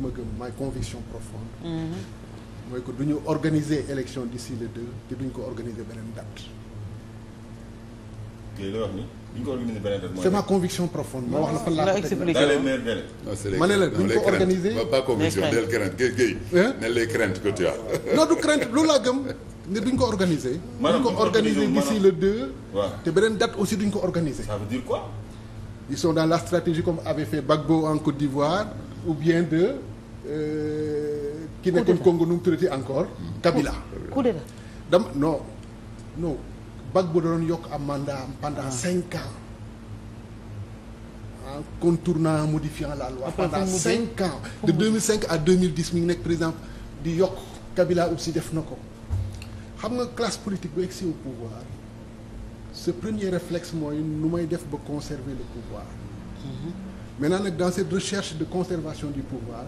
li ma gëm maay conviction profonde mhm. mooy que du ñu organiser élection d'ici le deux te duñ ko organiser beneen date looy wax ni duñ ko organiser beneen date c'est ma conviction profonde ma wax la fan laa expliqué ma ne la duñ ko organiser pas conviction del crainte géy géy du crainte loolu laa gëm ne duñ ko organiser duñ ko organiser d'ici le deux te beneen date aussi duñ ko organiser ça veut dire la stratégie comme avait fait Gbagbo en Côte d'Ivoire ou bien de. ki euh, nekkoon Congo nu mu tuddati encore. Mm. Kabila coup d'état dama non non Gbagbo da doon yokk am mandat pendant ah. cinq ans. en contournant modifiant la loi. pendant cinq ans de 2005 à 2010 mi ngi nekk président di yokk Kabila aussi def na ko xam nga classe politique bu egsi au pouvoir ce premier réflexe mooy nu may def ba conserver le pouvoir. Mm-hmm. maintenant nag dans cette recherche de conservation du pouvoir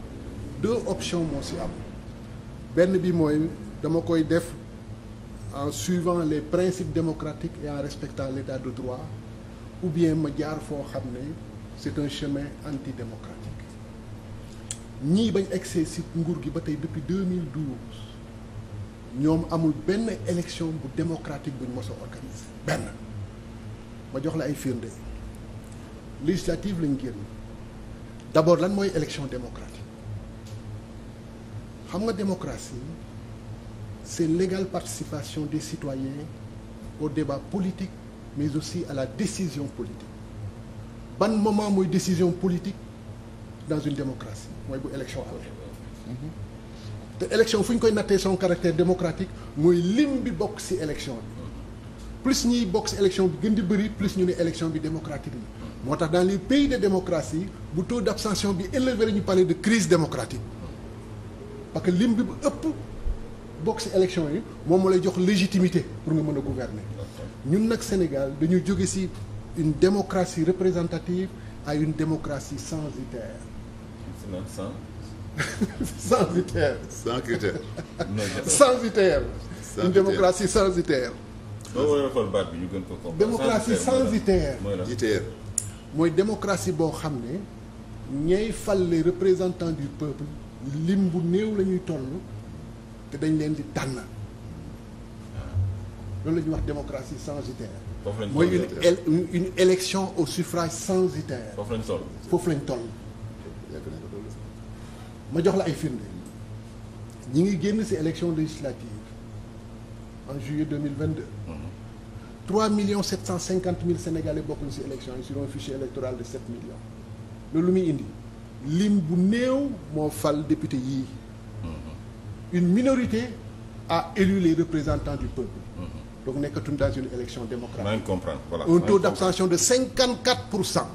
deux options moo si am benn bi mooy dama koy def en suivant les principes démocratiques et en respectant l'état de droit ou bien ma jaar foo xam ne c'est un chemin antidémocratique ñii bañ egsi si nguur gi ba tey depuis 2012 ñoom amul benn élection bu démocratique buñ mos a organiser benn ma jox la ay firnde législative lañ génn d'abord lan mooy élection démocratique xam nga démocratie c'est l'égale participation des citoyens au débat politique mais aussi à la décision politique ban moment mooy décision politique dans une démocratie mooy bu élection amee mhm. te élection fu ñu koy nattee son caractère démocratique mooy lim bi bokk ci élection bi plus ñuy bokk si élection bi gën di bëri plus ñu ne élection bi démocratique la moo tax dans les pays de démocratie bu taux d'abstention bi élevé ñu parler de crise démocratique parce que lim bi bu ëpp bokk si élection yi moom moo lay jox légitimité pour nga mën a gouverner ñun nag Sénégal dañu jóge si une démocratie représentative ay une démocratie censitaire. sans. censitaire. sans critère. censitaire. une démocratie censitaire. doo bi ñu gën ko comprendre démocratie sans ITR ITR mooy démocratie boo xam ne ñay fal représentant représentants du peuple lim bu néew la ñuy toll te dañ leen di tànn loolu la ñuy wax démocratie sans ITR mooy une une élection au suffrage sans ITR foofu lañ toll foofu lañ toll ma jox la ay firnde ñi ngi génn ci élection législative en juillet 2022 3 millions 750 mille sénégalais bokkuñu ci élection yi sur un fichier électoral de 7 millions loolu muy indi lim bu néew moo fal député yii une minorité a élu les représentants du peuple donc nekkatuñ dans une élection démocratique voilà un taux d'abstention de pour cent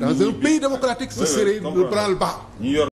dans un pays démocratique ce serait le branle-bas